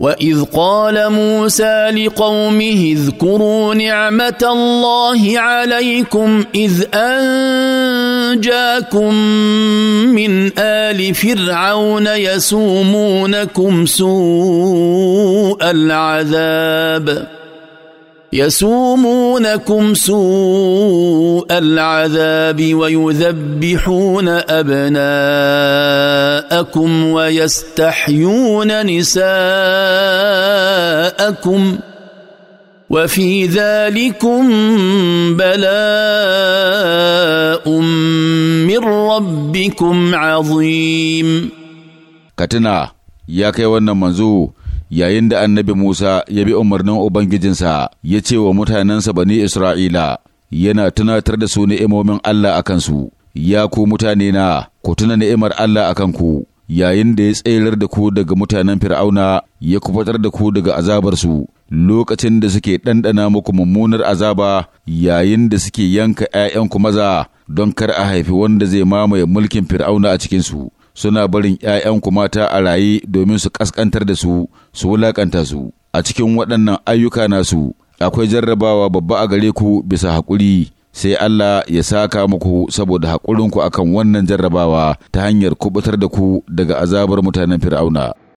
واذ قال موسى لقومه اذكروا نعمه الله عليكم اذ انجاكم من ال فرعون يسومونكم سوء العذاب يسومونكم سوء العذاب ويذبحون ابناءكم ويستحيون نساءكم وفي ذلكم بلاء من ربكم عظيم كتنا يا كي منزو yayin da annabi Musa ya bi umarnin Ubangijinsa ya ce wa mutanensa bani Isra'ila, yana tunatar da su ni'imomin Allah a kansu, ya ku mutane na, ku tuna ni'imar Allah a kanku, yayin da ya tsayar da ku daga mutanen Fir'auna ya kufatar da ku daga azabarsu, lokacin da suke ɗanɗana muku mummunar azaba yayin da suke yanka ‘ya'yanku maza don kar a haifi wanda zai mamaye mulkin Fir'auna a cikinsu. suna barin ‘ya'yanku mata a raye domin su ƙasƙantar da su, su wulaƙanta su, a cikin waɗannan ayyuka nasu, akwai jarrabawa babba a gare ku bisa haƙuri, sai Allah ya saka muku saboda haƙurinku akan wannan jarrabawa ta hanyar kubutar da ku daga azabar mutanen Fir'auna.